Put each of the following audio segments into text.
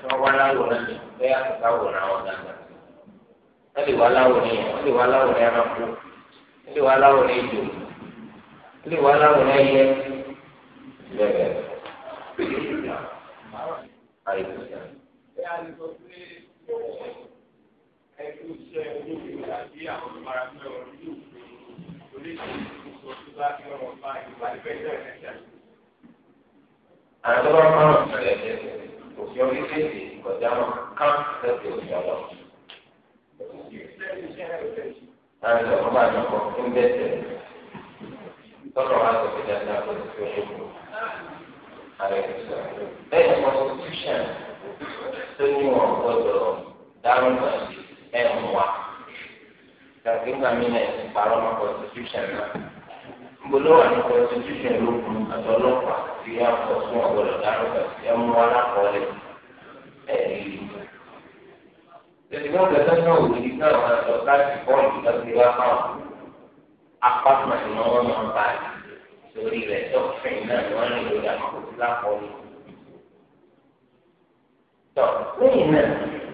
tí wọ́n wá láwòrán ni bẹ́ẹ̀ àtàkà wòrán wọn gàgà wọ́n lè wá láwòrán yẹn wọ́n lè wá láwòrán ẹranko wọ́n lè wá láwòrán ejò wọ́n lè wá láwòrán ẹyẹ bẹ́ẹ̀ Àwọn tó bá máa ń sọ̀rọ̀ ẹ̀jẹ̀ òsì orílẹ̀-èdè kọjá mọ́ kán lẹ́sẹ̀ òsì ọlọ́. láti ọ̀pọ̀ bá yọ kọ́ tó ń bẹ̀sẹ̀ tọ́lọ̀ wá sọ pé dáadáa kó ti fi owó kù. bẹ́ẹ̀ constitution tó ní wọn gbọ́dọ̀ dáhùn náà ẹ̀ ń wá. gbàgbé gbàmí náà ti parọ́ mọ́ constitution náà gbólóhùn ní constitution lókun àtọlọ́pàá ti yá pọ̀ sí ọ̀gbọ̀dọ̀ dárúkà sí ẹmú alákọ̀ọ́lẹ̀ ẹ̀rí ìlú. Tẹ̀síwọ́n gbẹ̀dọ̀ náà ò ní ká àwọn àjọ láti bọ́ọ̀lù láti wá bá wọn. Apákan ni wọ́n máa ń bá a lórí rẹ̀ dọ́kítìn náà ni wọ́n ní lórí àkókò lákọ̀ọ́lẹ̀. Tọ́ lẹ́yìn náà,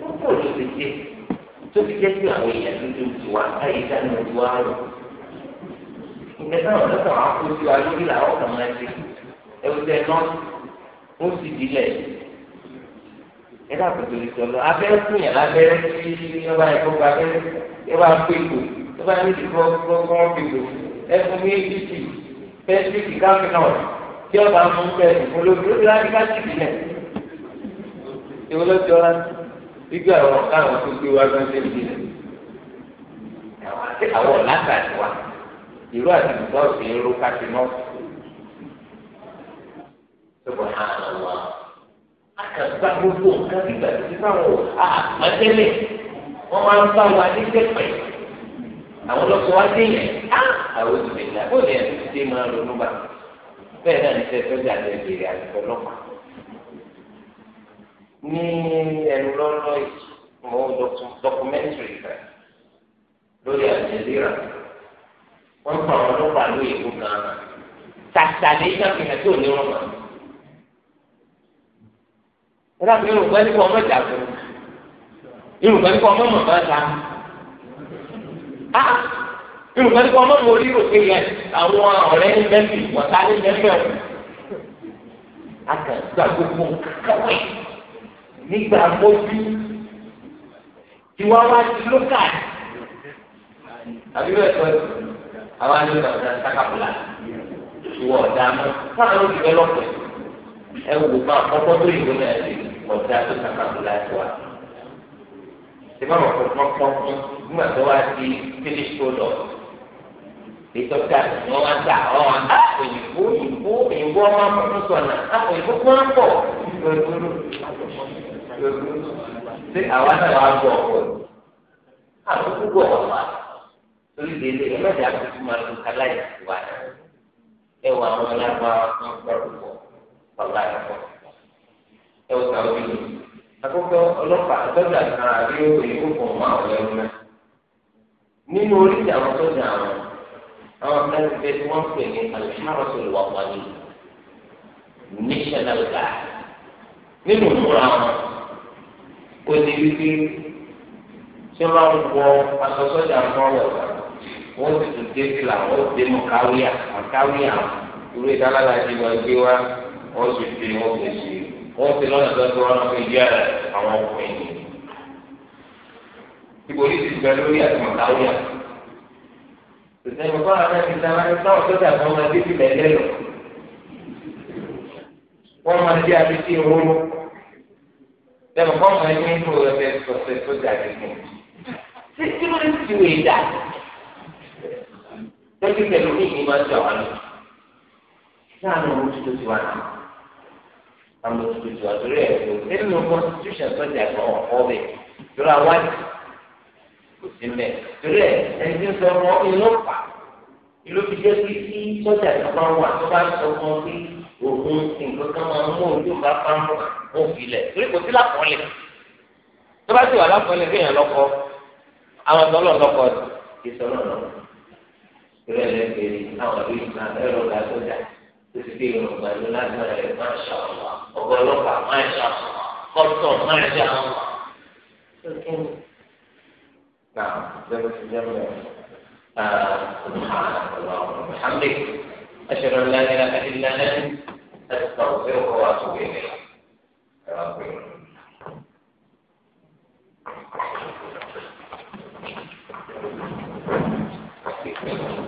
wọ́n kò ló ti jẹ́ tó fi jẹ́ pé àwọn èèyàn dúdú ti wà láyé dánimọ̀ ìyẹn táwọn tó kàn án kó sí wa lórí làwọn kàn máa ṣe ẹwù tẹ náà ó sì dilẹ̀ ẹ dà kó torí sọ lọ abẹ́rẹ́ fún yàrá abẹ́rẹ́ tí ẹ bá yẹ kó gba abẹ́rẹ́ ẹ bá pé ìgò ẹ bá ní ìdìbò gbọ́ngbọ́n ìgò ẹ fún mi ìdìbò pẹ́ẹ́sìtì káfíńọ̀ tí ọba mú bẹ́ẹ̀ fún lóbi ó ti láti ká sí ti ìró àti ìgbà òsì ń ro káṣí mọ́. Ṣùgbọ́n àlọ́ àkàgbà gbogbo nǹkan nígbà tí sáwọn àmọ́tẹ́lẹ̀ wọ́n máa ń bá wa ní pẹ̀pẹ̀. Àwọn ọlọ́pàá wá dé yẹn á àwọn òṣèlú ìlà bó ni ẹni tí máa ń ronú bá. Bẹ́ẹ̀ náà ní sẹ́fẹ́ bí àlẹ́ ìbéèrè àti ọlọ́pàá. Ní ẹnu lọ́nà ìmọ̀ dọ́kúmẹ́ntìrì kan lórí àjẹsíra wọ́n pa àwọn ọlọ́pàá lóye ìlú kan tàtà ní ìjàpìlẹ̀ tó ní rọ̀mà. Ìlà mi rò pé nípa ọmọ ìjàpọ̀, irò pé nípa ọmọ màmá ta. Irò pé nípa ọmọ mi orí pé yẹn àwọn ọ̀rẹ́ ní mẹ́fì wọ̀tá ní mẹ́fì ọ̀hún. A gbogbo kẹwẹ́ nígbà mọ́jú. Ìwà ti lókà. Àbí bẹ́ẹ̀ sọ ẹ̀ àwọn àjọyọ̀ ọ̀dà sákàbùlà ìwọ ọ̀dà mọ́ káàkiri ó ti bẹ́ lọ́pẹ̀ ẹ wò bá ọkọ tó yìí lónìí àti ọ̀dà tó sákàbùlà ẹ̀ wá. ṣé má wọ̀ pọ́npọ́n fún nígbà tó wá sí finish product ètò ká ni wọ́n wá dà ọ́ òyìnbó òyìnbó òyìnbó ọmọ akọ́kọ́ sọ̀nà òyìnbó kó ń bọ̀ ṣé àwa náà wá bọ̀ ọ̀ torí délé ẹlẹ́dẹ̀ àti máa lu kaláyà wà ẹ wà àwọn alágbára wọn gbọ́dọ̀ pọ̀ bàbá rẹ̀ pọ̀ ẹ wò sàwọn bí akókò ọlọ́pàá sọ́jà kan àbí òyìnbó kan mọ àwọn ẹrú náà nínú oríṣi àwọn sọ́jà àwọn àwọn kan fẹ́ tí wọ́n pè ní alihárọ̀sọ̀ lè wà wáyé national guard nínú ìmúra wọn kò ní wípé tí wọ́n bá ń wọ aṣọ sọ́jà kan wọ̀ wọ́n ti tún dé fìlà wọ́n dé mọ̀káwíà mọ̀káwíà irú ìdálára ti wọ́n gbé wá wọ́n ti fi wọ́n fi ṣe wọ́n ti lọ́nà tó tó wọ́n fi yẹ àwọn ọkùnrin yìí. ìbòrí ti gbẹ lórí àti mọ̀káwíà. ìsèǹkọ́ àwọn ti sábà ní sáwọn tó dà fún wọn dé fìlà ẹlẹ́ lọ. wọ́n máa dé abisí ìhóró. ìsèǹkọ́ àwọn ẹni tó rẹ̀ fẹ́ sọ̀tẹ̀ tó dà tẹ́lifí pẹ̀lú ní ìgbìmọ̀ ti àwọn àlọ́ láàánú ọmọ tuntun ti wá sí àmọ́ tuntun ti wá torí ẹ̀ kò sí nínú constitution sọ́jà kan ọ̀pọ̀ bẹ̀ torí àwájú kò sí mẹ́ torí ẹ̀ ẹni tí ń sọ ọmọ inú pa ìlú fi jẹ́ kí sí sọ́jà kan bá wà tó bá ń sọ fún ọ pé òun nǹkan kan máa mú ojú bá pàmò mú ìfilẹ̀ torí kò sí lápọ̀lẹ̀ tó bá ti wà lápọ̀lẹ̀ kéèyàn lọ́kọ àwọn ọ̀dọ́ lọ́kọ ìsọ̀rọ̀ lọ́kọ. ìrẹ́ lẹ́gbẹ̀ẹ́ ni àwọn ìlú ìgbà ẹ̀rọ ìgbà tó dà tó ti pẹ̀lú lágbára rẹ̀ máa ṣe àwọn ọ̀gá ọlọ́pàá máa ṣe àwọn kọ́tọ̀ máa ṣe àwọn. نعم جلس جمع سبحانك اللهم وبحمدك أشهد أن لا إله إلا أنت أستغفرك وأتوب إليك. Thank you.